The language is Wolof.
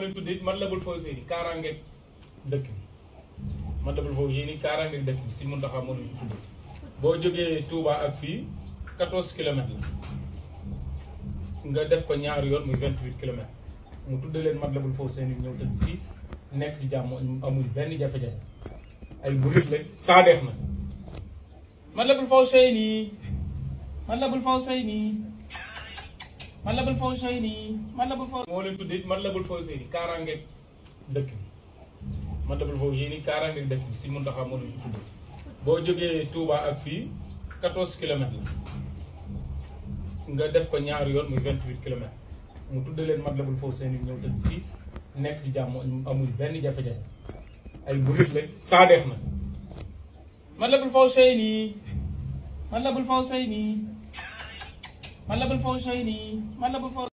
leen tuddee Matlabul Fawzayni kaaraangeeg dëkk bi Matlabul Fawzayni kaaraangeeg dëkk bi si Muntaxa moo leen tuddee boo jógee Touba ak fii 14 kilomètres la nga def ko ñaari yoon muy 28 kilomètres mu tuddee leen Matlabul Fawzayni ñëw dëkk fii nekk ci jàmm amul benn jafe-jafe ay murit lañ saa deex na Matlabul Fawzayni Matlabul Fawzayni Matlabul Fawzayni Matlabul Fawzayni moo leen tuddee Matlabul Fawzayni kaaraange dëkk bi Matlabul Fawzayni kaaraange dëkk bi si Muntaxa moo leen tuddee boo jógee Touba ak fii 14 kilomètres nga def ko ñaari yoon muy 28 kilomètres mu tuddee leen Matlabul Fawzayni ñëw dëkk fii nekk ci jàmm amul benn jafe-jafe ay murit la saa def na Matlabul Fawzayni Matlabul Fawzayni Malabul Fawzayni Malabul Fawzayni